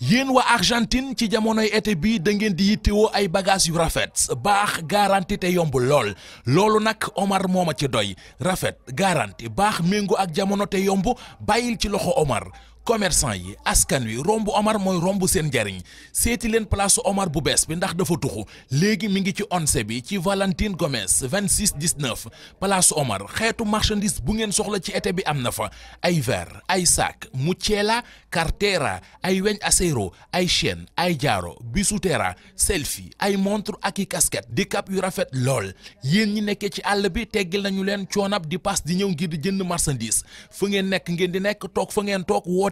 yéen wa Argentine ci jamonoy été bi da ngeen di yittewoo ay bagages yu rafet baax garanti te yomb lool loolu nag Omar moo ma ci doy rafet garanti baax méngoo ak jamono te yomb bàyyil ci loxo Omar commerçant yi askan wi romb Omar mooy romb seen njariñ seeti leen place Omar bu bees bi ndax dafa tuxu léegi mi ngi ci onse bi ci Valentine Gomes 26 19 place Omar xeetu marchandise bu ngeen soxla ci été bi am na fa ay ver ay sac mucceela cartera ay weñ acero ay chaine ay jaaro bisuteera selfie ay montre ak i casquette di cap yu rafet lool yéen ñi nekkee ci àll bi teggil nañu leen coonab di pass di ñëw ngir di jënd marchandise fu ngeen nekk ngeen di nekk toog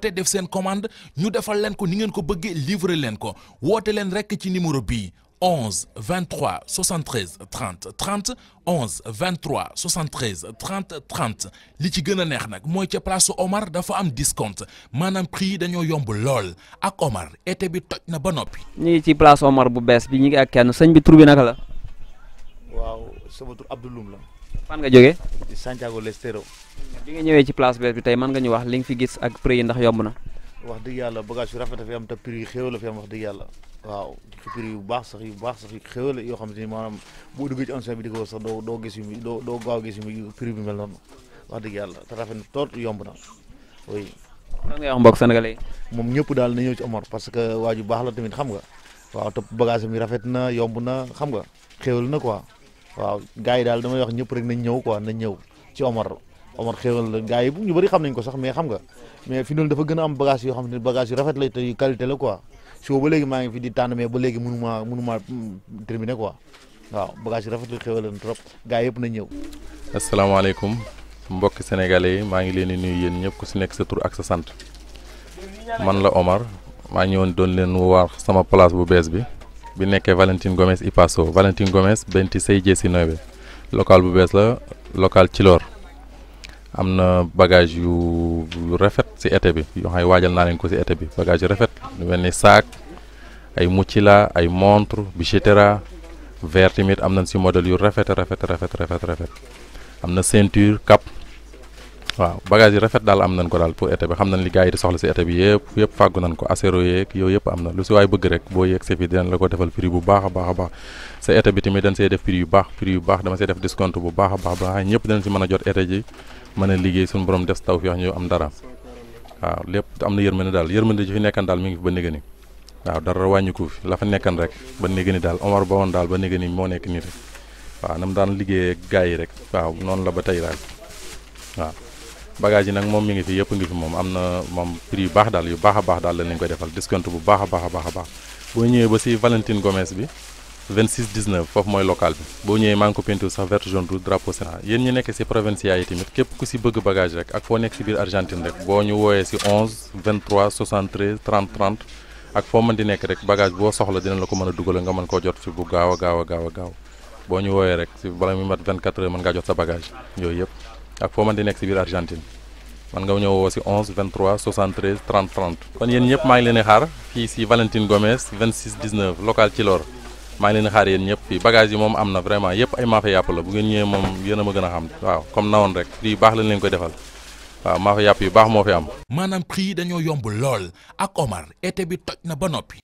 te def seen commande ñu defal leen ko ni ngeen ko bëggee livrer leen ko woote leen rek ci numéro bii 11 23 73 30 30 11 23 73 30 30 li ci gën a neex nag mooy ca place Omar dafa am discount maanaam prix yi dañoo yomb lool ak Omar été bi toj na ba noppi. ñu ngi ci place Omar bu bees bi ñu ngi ak kenn sëñ bi tur bi naka la. waaw sama tur Abdoulou la. fan nga jógee. di li nga ñëwee ci place bees bi tey man nga ñu wax li nga fi gis ak prix yi ndax yomb na. wax dëgg yàlla bagage yu rafet a fi am te prix yi la fi am wax dëgg yàlla waaw yu baax sax yu baax sax yu xéw la yoo xam te ni maanaam boo duggee ci ancien doo doo gis doo doo gaaw gis yu prix bi wax dëgg yàlla te rafet na tool yomb na oui. lan ngay yi. moom ñëpp daal na ñëw ci Omar parce que waa ju baax la tamit xam nga waaw te bagage bi rafet na yomb na xam nga xéwal na quoi waaw gars yi daal damay wax ñëpp rek nañ ñëw quoi na ñëw ci Omar Omar xéwal la gars yi ñu bari xam nañ ko sax mais xam nga mais fi noonu dafa gën a am bagage yoo xam ne bagage yu rafet la te yu qualité la quoi soo ba léegi maa ngi fi di tànn mais ba léegi mënu maa mënu maa terminé quoi waaw bagage yu rafet la xéwal leen trop gars yëpp nañ ñëw. asalaamaaleykum mbokki sénégalais yi maa ngi leen di nuyu yéen ñëpp ku si nekk sa tur ak sa sant man la Omar maa ñëwoon doon leen waar sama place bu bees bi bi nekkee Valentine Gomes Ipasso Valentine Gomes benti say jeesi noybe local bu bees la local Cilor. am na bagage yu yu rafet si été bi yoo xam ne waajal naa leen ko si été bi bagage yu rafet lu mel ni saak ay mochila ay montre bichetera verre tamit am nañ si modèle yu rafet rafet rafet rafet rafet am na ceinture cap waaw bagage yi rafet daal am nañ ko daal pour été bi xam nañ li gars yi di soxla si été bi yëpp yëpp fàggu nañ ko acéro yeeg yooyu yëpp am na lu si waay bëgg rek boo yeeg si fii dinañ la ko defal prix bu baax a baax a baax sa été bi tamit dañ see def prix yu baax prix yu baax dama see def discount bu baax a baax ba nga ñëpp dinañ si mën a jot été ji a liggéey suñu borom def taw fi wax ñu am dara waaw lépp am na yërmande daal yërmande ji fi nekkan daal mi ngi fi ba néga ni la fa nekkan rek ba néga ni daal Omar ba woon daal ba néga ni moo nekk nii rek liggéey gars yi rek waaw noonu la ba tey daal waaw bagage yi nag moom mi ngi fi yëpp ngi fi moom am na moom prix yu baax daal yu baax a baax daal lañ koy defal discount bu baax a baax a baax a baax boo ñëwee ba si Valentine Gomes bi 26 19 foofu mooy local boo ñëwee maa ngi ko peinture sax vert jaune rouge drapeau nekk si provincia képp ku si bëgg bagage rek ak foo nekk si biir Argentine rek ñu wooyee si 11 23 73 ak foo mën di nekk rek bagage boo soxla dina la ko mën a dugal nga mën koo jot bu gaaw a gaaw a gaaw a gaaw boo ñu wooyee rek si bala muy mat 24 ngaa jot sa bagage yooyu yëpp ak foo mën di nekk si biir Argentine man nga ñëw woo si 11 23 73 30 30. kon yéen ñëpp maa ngi leen di xaar fii si Valentine Gomes 26 19 local Thilor maa ngi leen di xaar yéen ñëpp fii bagage yi moom am na vraiment yëpp ay maafe yàpp la bu ngeen ñëwee moom yéen a ma gën a xam waaw comme nawoon rek prix yu baax lañ koy defal waaw maafe yàpp yu baax moo fi am. maanaam prix dañoo yomb lool ak Omar été bi toj na ba noppi